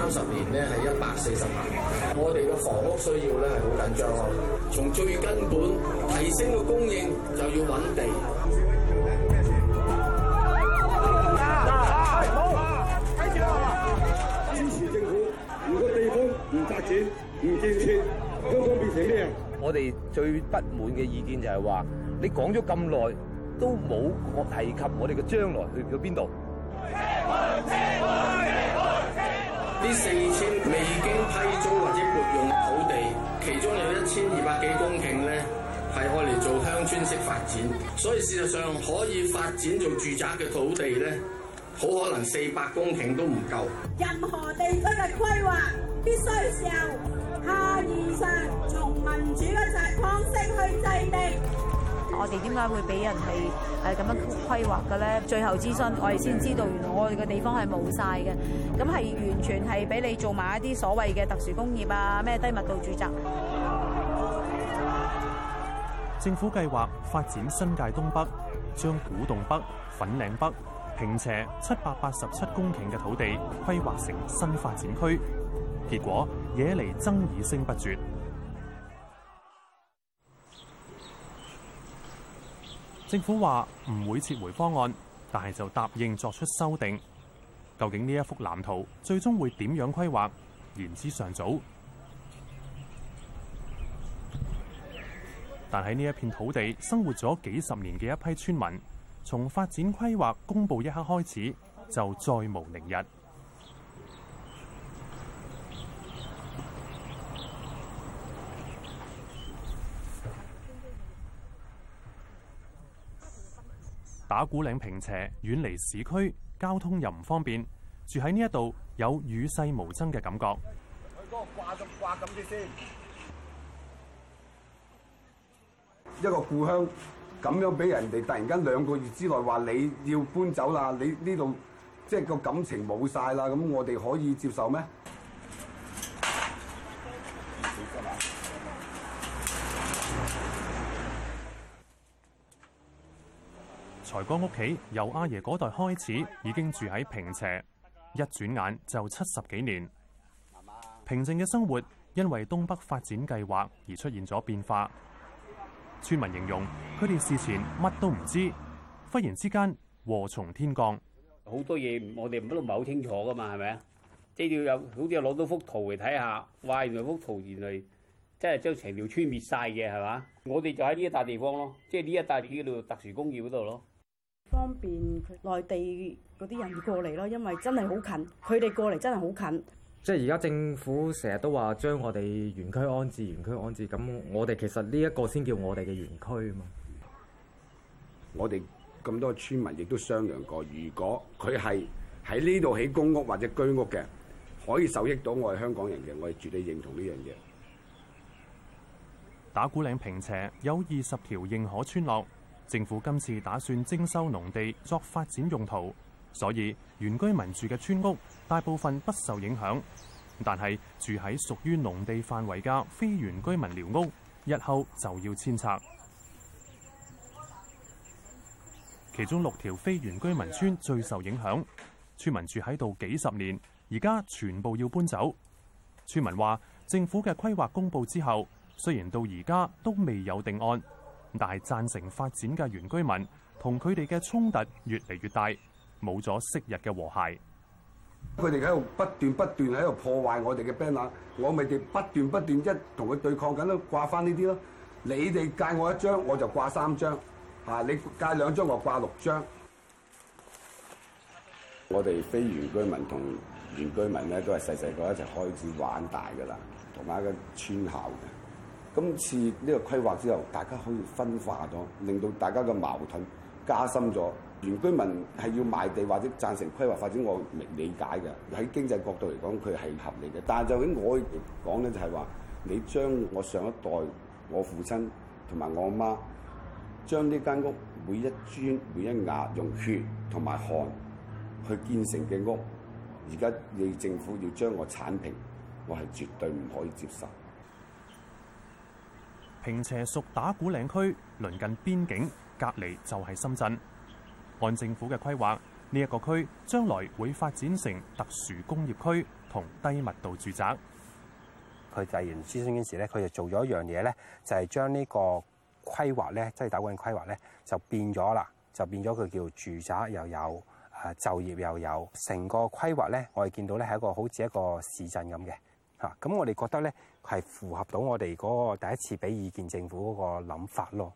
三十年咧係一百四十萬，我哋嘅房屋需要咧係好緊張咯。從最根本提升個供應，就要揾地。支持政府，如果地方唔發展、唔建設，香港變成呢樣？我哋最不滿嘅意見就係話，你講咗咁耐都冇提及我哋嘅將來去到邊度。呢四千未經批租或者撥用土地，其中有一千二百幾公頃咧，係用嚟做鄉村式發展，所以事實上可以發展做住宅嘅土地咧，好可能四百公頃都唔夠。任何地區嘅規劃必須由下而上從民主嘅集廣式去制定。我哋點解會俾人係係咁樣規劃嘅咧？最後諮詢，我哋先知道，原來我哋嘅地方係冇晒嘅，咁係完全係俾你做埋一啲所謂嘅特殊工業啊，咩低密度住宅？政府計劃發展新界東北，將古洞北、粉嶺北、坪輋、七百八十七公頃嘅土地規劃成新發展區，結果惹嚟爭議聲不絕。政府話唔會撤回方案，但係就答應作出修訂。究竟呢一幅藍圖最終會點樣規劃？言之尚早。但喺呢一片土地生活咗幾十年嘅一批村民，從發展規劃公布一刻開始，就再無寧日。打鼓嶺坪輋，遠離市區，交通又唔方便，住喺呢一度有與世無爭嘅感覺。一個故鄉咁樣俾人哋突然間兩個月之內話你要搬走啦，你呢度即係個感情冇晒啦，咁我哋可以接受咩？才哥屋企由阿爺嗰代開始已經住喺坪輋，一轉眼就七十幾年。平靜嘅生活因為東北發展計劃而出現咗變化。村民形容佢哋事前乜都唔知，忽然之間禍從天降。好多嘢我哋唔都唔係好清楚噶嘛，係咪啊？即係要有好似攞到幅圖嚟睇下，哇！原來幅圖原來真係將成條村滅晒嘅，係嘛？我哋就喺呢一笪地方咯，即係呢一笪叫做特殊工業嗰度咯。方便內地嗰啲人過嚟咯，因為真係好近，佢哋過嚟真係好近。即係而家政府成日都話將我哋園區安置，園區安置，咁我哋其實呢一個先叫我哋嘅園區啊嘛。我哋咁多村民亦都商量過，如果佢係喺呢度起公屋或者居屋嘅，可以受益到我哋香港人嘅，我哋絕對認同呢樣嘢。打鼓嶺坪輋有二十條認可村落。政府今次打算徵收農地作發展用途，所以原居民住嘅村屋大部分不受影響。但係住喺屬於農地範圍嘅非原居民寮屋，日後就要遷拆。其中六條非原居民村最受影響，村民住喺度幾十年，而家全部要搬走。村民話，政府嘅規劃公佈之後，雖然到而家都未有定案。但係贊成發展嘅原居民同佢哋嘅衝突越嚟越大，冇咗昔日嘅和諧。佢哋喺度不斷不斷喺度破壞我哋嘅 banner，我咪哋不斷不斷一同佢對抗緊咯，掛翻呢啲咯。你哋界我一張，我就掛三張。吓，你界兩張我掛六張。我哋非原居民同原居民咧，都係細細個一齊開始玩大噶啦，同埋一個村校。今次呢個規劃之後大家可以分化咗，令到大家嘅矛盾加深咗。原居民係要賣地或者贊成規劃發展，或者我明理解嘅。喺經濟角度嚟講佢係合理嘅。但係就喺我講咧，就係話你將我上一代、我父親同埋我阿媽將呢間屋每一磚每一瓦用血同埋汗去建成嘅屋，而家你政府要將我剷平，我係絕對唔可以接受。坪輋屬打鼓嶺區，鄰近邊境，隔離就係深圳。按政府嘅規劃，呢一個區將來會發展成特殊工業區同低密度住宅。佢做完諮詢時咧，佢就做咗一樣嘢咧，就係將呢個規劃咧，即係打鼓嶺規劃咧，就變咗啦，就變咗佢叫住宅又有就業又有，成個規劃咧，我哋見到咧係一個好似一個市鎮咁嘅。嚇！咁、嗯、我哋覺得呢，係符合到我哋嗰個第一次俾意見政府嗰個諗法咯。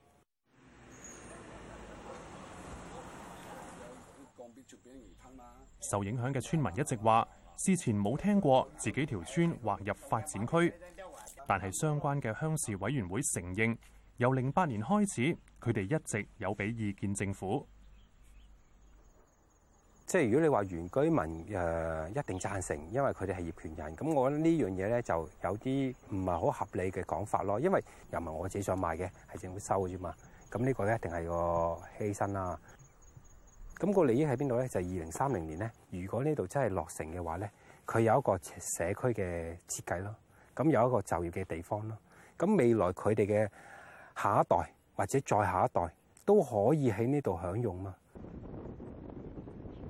受影響嘅村民一直話事前冇聽過自己條村劃入發展區，但係相關嘅鄉事委員會承認，由零八年開始佢哋一直有俾意見政府。即係如果你話原居民誒、呃、一定贊成，因為佢哋係業權人，咁我覺得呢樣嘢咧就有啲唔係好合理嘅講法咯。因為又唔係我自己想賣嘅，係政府收嘅啫嘛。咁呢個咧一定係個犧牲啦。咁、那個利益喺邊度咧？就係二零三零年咧，如果呢度真係落成嘅話咧，佢有一個社區嘅設計咯，咁有一個就業嘅地方咯。咁未來佢哋嘅下一代或者再下一代都可以喺呢度享用嘛。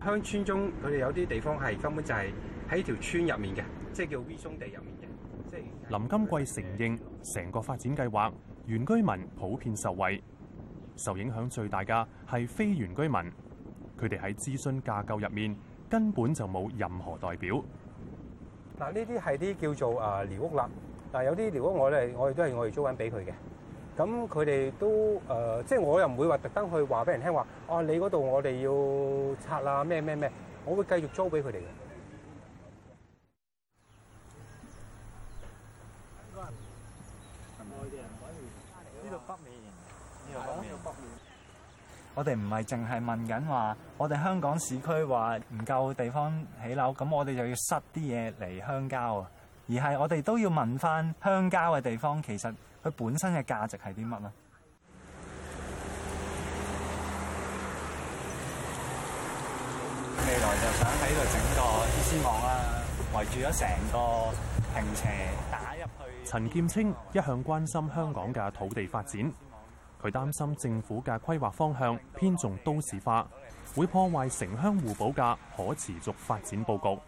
鄉村中佢哋有啲地方係根本就係喺條村入面嘅，即係叫 V 宗地入面嘅。即林金貴承認，成個發展計劃原居民普遍受惠，受影響最大嘅係非原居民。佢哋喺諮詢架構入面根本就冇任何代表嗱。呢啲係啲叫做啊寮屋啦，嗱，有啲寮屋我咧，我哋都係我哋租緊俾佢嘅。咁佢哋都、呃、即係我又唔會話特登去話俾人聽話、啊，你嗰度我哋要拆啦咩咩咩，我會繼續租俾佢哋嘅。呢度北面，呢度北面？啊、北面我哋唔係淨係問緊話，我哋香港市區話唔夠地方起樓，咁我哋就要塞啲嘢嚟鄉郊啊，而係我哋都要問翻鄉郊嘅地方，其實。佢本身嘅價值係啲乜呢？未來就想喺度整個鐵絲網啦，圍住咗成個坪輋打入去。陳劍青一向關心香港嘅土地發展，佢擔心政府嘅規劃方向偏重都市化，會破壞城鄉互補嘅可持續發展佈局。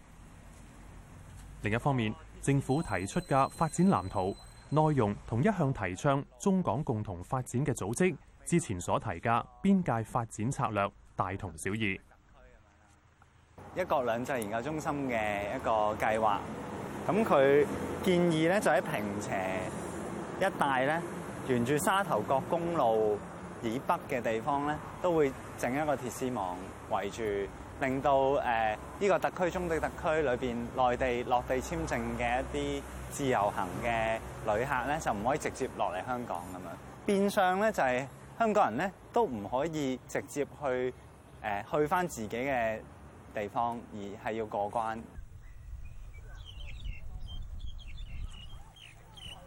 另一方面，政府提出嘅發展藍圖。內容同一向提倡中港共同發展嘅組織之前所提嘅邊界發展策略大同小異。一國兩制研究中心嘅一個計劃，咁佢建議咧就喺坪輋一帶咧，沿住沙頭角公路以北嘅地方咧，都會整一個鐵絲網圍住，令到誒呢個特區中的特區裏面內地落地簽證嘅一啲，自由行嘅旅客咧，就唔可以直接落嚟香港。咁樣變相咧，就係香港人咧，都唔可以直接去誒、呃、去翻自己嘅地方，而係要過關。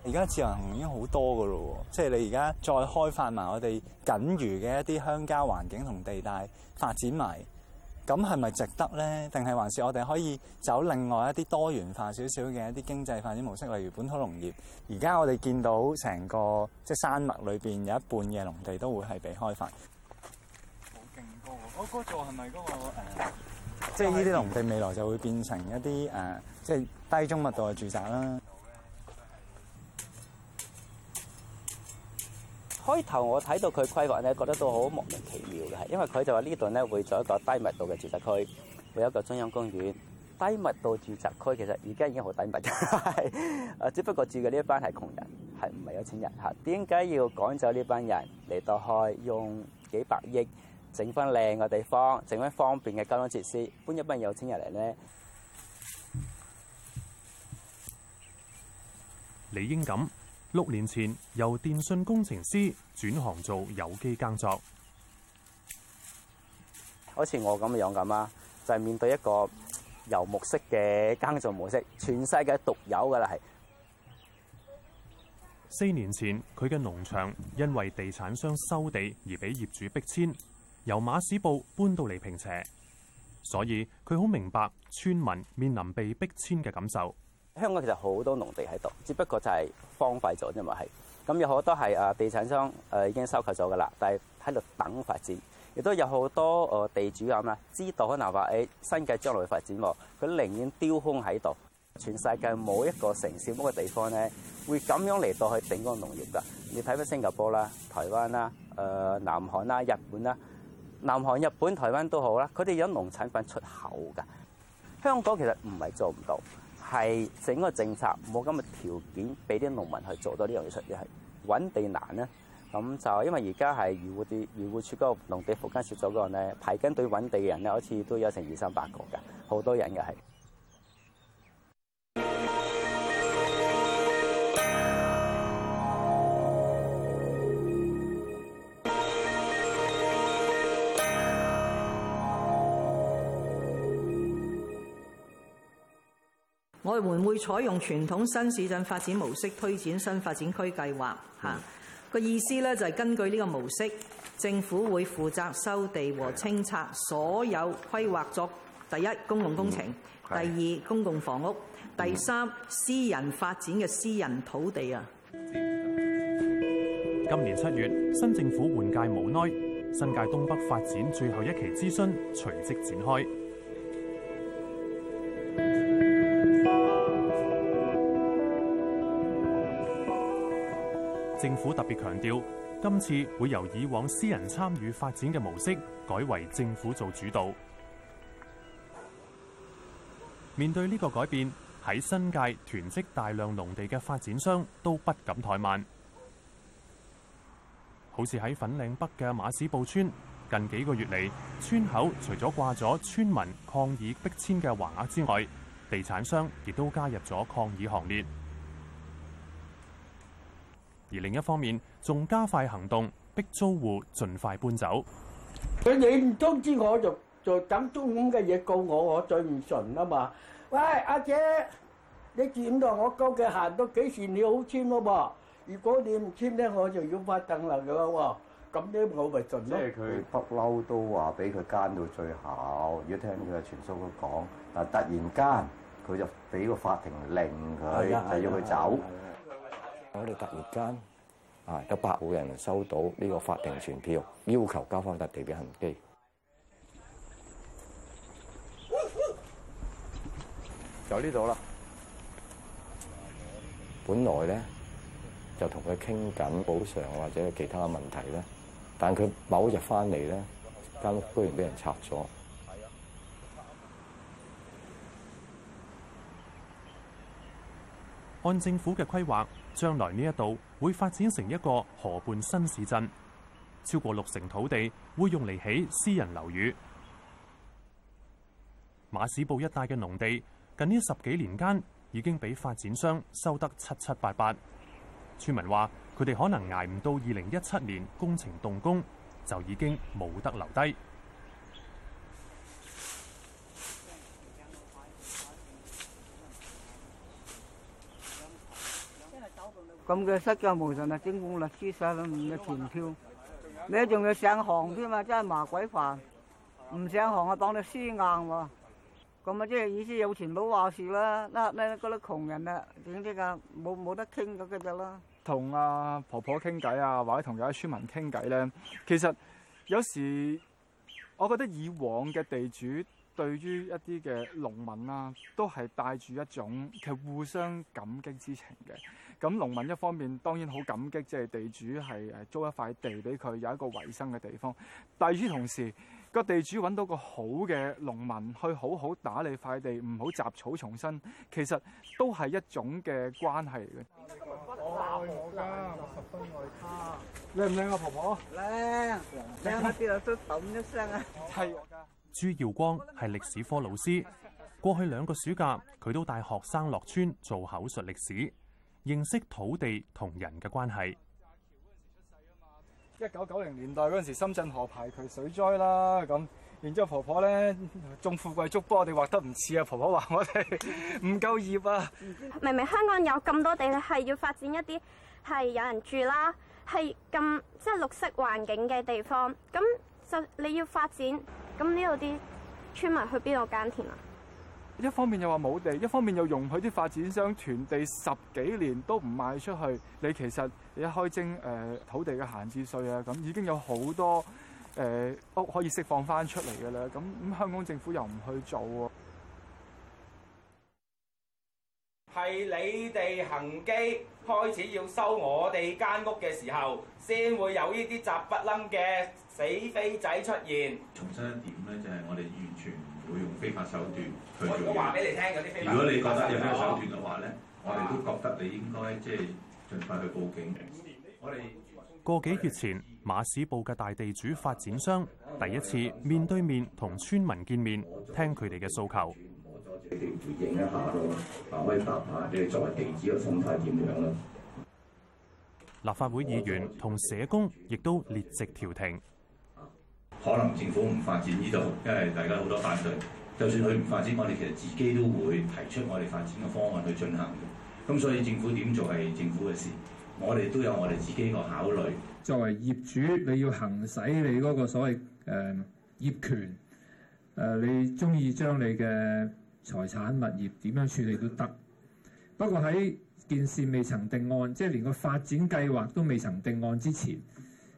而家自由行已經好多噶啦，即係你而家再開發埋我哋僅餘嘅一啲鄉郊環境同地帶發展埋。咁係咪值得咧？定係還是我哋可以走另外一啲多元化少少嘅一啲經濟發展模式？例如本土農業。而家我哋見到成個即係、就是、山脈裏面有一半嘅農地都會係被開發。好勁多喎！我、哦、嗰座係咪嗰個？即係呢啲農地未來就會變成一啲即係低中密度嘅住宅啦。開頭我睇到佢規劃咧，覺得都好莫名其妙嘅，係因為佢就話呢度咧會做一個低密度嘅住宅區，會有一個中央公園。低密度住宅區其實而家已經好低密，只不過住嘅呢一班係窮人，係唔係有錢人吓？點解要趕走呢班人嚟到去，用幾百億整翻靚嘅地方，整翻方便嘅交通設施，搬一班有錢人嚟咧，你應咁。六年前，由電信工程師轉行做有機耕作。好似我咁樣咁啊，就係面對一個游牧式嘅耕作模式，全世界獨有噶啦，係四年前佢嘅農場因為地產商收地而俾業主逼遷，由馬屎埔搬到嚟坪輋，所以佢好明白村民面臨被逼遷嘅感受。香港其實好多農地喺度，只不過就係荒廢咗啫嘛，係咁有好多係啊地產商誒已經收購咗噶啦，但係喺度等發展，亦都有好多誒地主咁啦，知道可能話誒新界將來發展，佢寧願丟空喺度。全世界冇一個城市冇個地方咧，會咁樣嚟到去頂幹農業噶。你睇翻新加坡啦、台灣啦、誒、呃、南韓啦、日本啦，南韓、日本、台灣都好啦，佢哋有農產品出口噶。香港其實唔係做唔到。係整個政策冇咁嘅條件，俾啲農民去做到呢樣嘢出，係揾地難咧。咁就因為而家係漁護啲漁護處嗰個農地復耕措施咗嘅咧，排緊隊揾地嘅人咧，好似都有成二三百個㗎，好多人嘅係。我們會採用傳統新市鎮發展模式推展新發展區計劃。嚇個、嗯、意思咧就係根據呢個模式，政府會負責收地和清拆所有規劃作第一公共工程，嗯、第二公共房屋，第三、嗯、私人發展嘅私人土地啊。今年七月，新政府換屆無耐，新界東北發展最後一期諮詢隨即展開。政府特別強調，今次會由以往私人參與發展嘅模式，改為政府做主導。面對呢個改變，喺新界囤積大量農地嘅發展商都不敢怠慢。好似喺粉嶺北嘅馬屎埔村，近幾個月嚟，村口除咗掛咗村民抗議逼遷嘅橫額之外，地產商亦都加入咗抗議行列。而另一方面，仲加快行動，逼租戶盡快搬走。佢你唔通知我就就等中午嘅嘢告我，我最唔順啊嘛！喂，阿姐，你見到我夠腳行到幾時？你好簽咯噃？如果你唔簽咧，我就要發憤啦㗎喎！咁樣我咪盡咯。即係佢不嬲都話俾佢奸到最後，如果聽佢傳銷講，但係突然間佢就俾個法庭令佢，就要佢走。我哋突然間啊，有百戶人收到呢個法定傳票，要求交翻笪地俾恒基，就呢度啦。本來咧就同佢傾緊補償或者其他問題咧，但佢某日翻嚟咧，間屋居然俾人拆咗。按政府嘅規劃，將來呢一度會發展成一個河畔新市鎮，超過六成土地會用嚟起私人樓宇。馬屎埔一帶嘅農地，近呢十幾年間已經俾發展商收得七七八八。村民話：佢哋可能挨唔到二零一七年工程動工，就已經冇得留低。咁嘅失腳無神啊！蒸餾律師輸到唔嘅錢票，你仲要上行添啊！真係麻鬼煩，唔上行啊，當你輸硬喎。咁啊，即係意思有錢佬話事啦。嗱嗱啲窮人啊，點啫㗎？冇冇得傾咁嘅啫啦。同阿婆婆傾偈啊，或者同有啲村民傾偈咧，其實有時我覺得以往嘅地主。對於一啲嘅農民啦、啊，都係帶住一種其實互相感激之情嘅。咁農民一方面當然好感激，即係地主係租一塊地俾佢有一個維生嘅地方。但與此同時，個地主揾到個好嘅農民去好好打理塊地，唔好雜草叢生，其實都係一種嘅關係嚟嘅。你今日不能打、哦、我㗎，我的我十分愛他。靚唔靚啊，婆婆？靚。靚唔靚啊，叔一聲啊。係我㗎。朱耀光係歷史科老師，過去兩個暑假佢都帶學生落村做口述歷史，認識土地同人嘅關係。陣時出世啊嘛，一九九零年代嗰陣時，深圳河排渠水災啦，咁然之後婆婆咧種富貴竹，幫我哋畫得唔似啊。婆婆話我哋唔夠葉啊。明明香港有咁多地，係要發展一啲係有人住啦，係咁即係綠色環境嘅地方，咁就你要發展。咁呢度啲村民去邊度耕田啊？一方面又話冇地，一方面又容許啲發展商囤地十幾年都唔賣出去。你其實你一開徵、呃、土地嘅閒置稅啊，咁已經有好多、呃、屋可以釋放翻出嚟嘅啦。咁咁香港政府又唔去做喎。係你哋行機開始要收我哋間屋嘅時候，先會有呢啲雜不冧嘅死飛仔出現。重申一點咧，就係、是、我哋完全唔會用非法手段去做嘢。我話俾你聽，啲如果你覺得有咩手段嘅話咧，啊、我哋都覺得你應該即係盡快去報警。嗯、我哋們過幾月前，馬屎埔嘅大地主發展商第一次面對面同村民見面，聽佢哋嘅訴求。你哋回應一下咯，可以答下你哋作為地址嘅心態點樣啦？立法會議員同社工亦都列席調停，可能政府唔發展呢度，因為大家好多反對。就算佢唔發展，我哋其實自己都會提出我哋發展嘅方案去進行的。咁所以政府點做係政府嘅事，我哋都有我哋自己個考慮。作為業主，你要行使你嗰個所謂誒業權誒，你中意將你嘅。財產、物業點樣處理都得，不過喺件事未曾定案，即係連個發展計劃都未曾定案之前，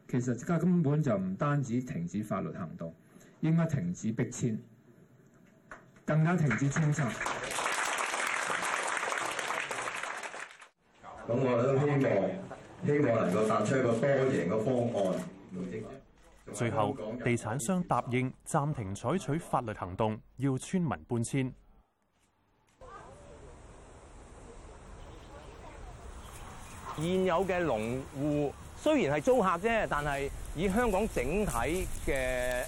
其實家根本就唔單止停止法律行動，應該停止逼遷，更加停止清拆。咁我都希望，希望能夠達出一個多贏嘅方案。最後，地產商答應暫停採取法律行動，要村民搬遷。現有嘅農戶雖然係租客啫，但係以香港整體嘅、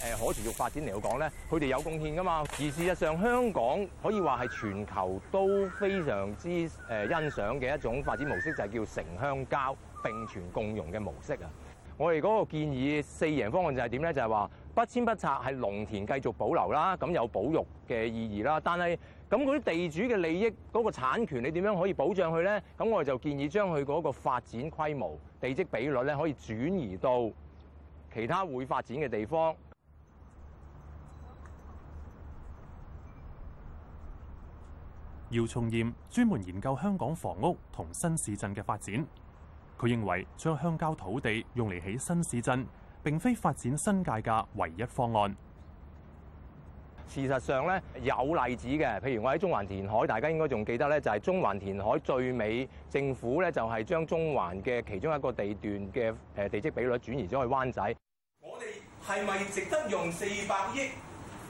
呃、可持續發展嚟講咧，佢哋有貢獻㗎嘛。而事實上，香港可以話係全球都非常之誒、呃、欣賞嘅一種發展模式，就係、是、叫城鄉交並存共融嘅模式啊。我哋嗰個建議四贏方案就係點咧？就係、是、話不遷不拆，係農田繼續保留啦，咁有保育嘅意義啦，但係，咁嗰啲地主嘅利益，嗰、嗰個產權，你點樣可以保障佢咧？咁我哋就建議將佢嗰個發展規模、地積比率咧，可以轉移到其他會發展嘅地方。姚松炎專門研究香港房屋同新市鎮嘅發展，佢認為將鄉郊土地用嚟起新市鎮並非發展新界嘅唯一方案。事實上咧，有例子嘅，譬如我喺中環填海，大家應該仲記得咧，就係、是、中環填海最尾政府咧就係、是、將中環嘅其中一個地段嘅地積比率轉移咗去灣仔。我哋係咪值得用四百億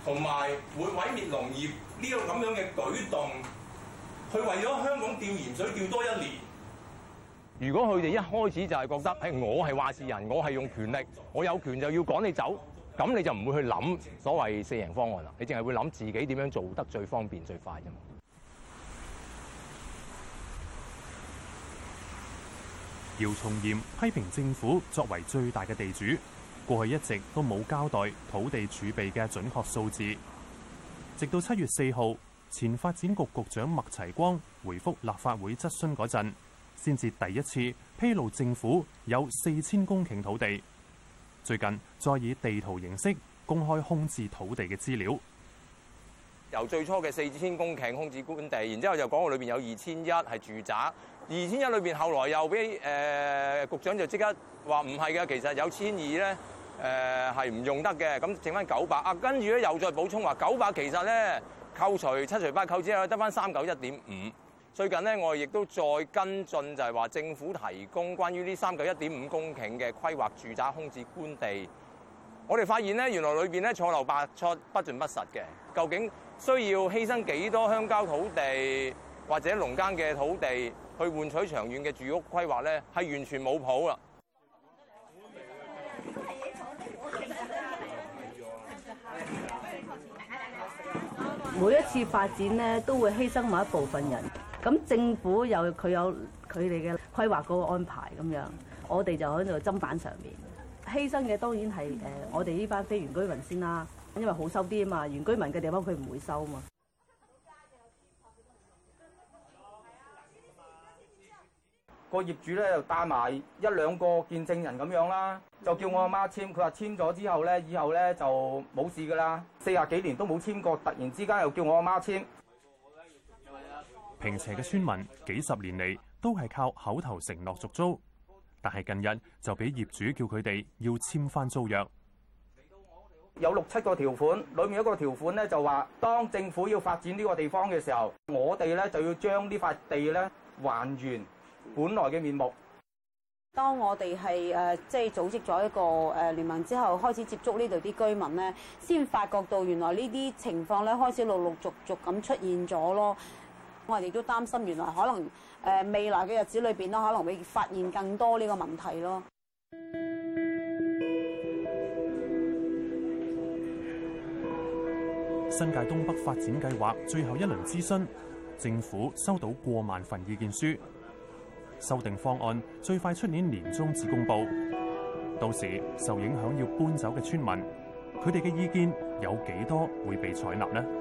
同埋會毀滅農業呢個咁樣嘅舉動，去為咗香港釣鹽水釣多一年？如果佢哋一開始就係覺得，哎、我係話事人，我係用權力，我有權就要趕你走。咁你就唔會去諗所謂四型方案啦，你淨係會諗自己點樣做得最方便最快啫。姚松炎批評政府作為最大嘅地主，過去一直都冇交代土地儲備嘅準確數字，直到七月四號，前發展局局長麥齊光回覆立法會質詢嗰陣，先至第一次披露政府有四千公頃土地。最近再以地圖形式公開空置土地嘅資料，由最初嘅四千公頃空置官地，然之後就講到裏面有二千一係住宅，二千一裏面後來又俾誒、呃、局長就即刻話唔係嘅，其實有千二咧誒係唔用得嘅，咁剩翻九百啊，跟住咧又再補充話九百其實咧扣除七除八扣之後得翻三九一點五。最近咧，我亦都再跟進，就係話政府提供關於呢三個一點五公頃嘅規劃住宅空置官地，我哋發現咧，原來裏邊咧錯漏百出，不盡不實嘅。究竟需要犧牲幾多鄉郊土地或者農耕嘅土地去換取長遠嘅住屋規劃咧，係完全冇譜啦。每一次發展咧，都會犧牲某一部分人。咁政府又佢有佢哋嘅規劃嗰個安排咁樣，我哋就喺度砧板上面犧牲嘅當然係誒、嗯、我哋呢班非原居民先啦，因為好收啲啊嘛，原居民嘅地方佢唔會收啊嘛。個業主咧就帶埋一兩個見證人咁樣啦，就叫我阿媽簽，佢話簽咗之後咧，以後咧就冇事噶啦，四十幾年都冇簽過，突然之間又叫我阿媽簽。坪輋嘅村民幾十年嚟都係靠口頭承諾續租，但係近日就俾業主叫佢哋要簽返租約。有六七個條款，裏面一個條款咧就話，當政府要發展呢個地方嘅時候，我哋咧就要將呢塊地咧還原本來嘅面目。當我哋係誒即係組織咗一個誒聯盟之後，開始接觸呢度啲居民咧，先發覺到原來呢啲情況咧開始陸陸續續咁出現咗咯。我哋都擔心，原來可能誒未來嘅日子裏邊咯，可能會發現更多呢個問題咯。新界東北發展計劃最後一輪諮詢，政府收到過萬份意見書，修訂方案最快出年年中至公佈。到時受影響要搬走嘅村民，佢哋嘅意見有幾多會被採納呢？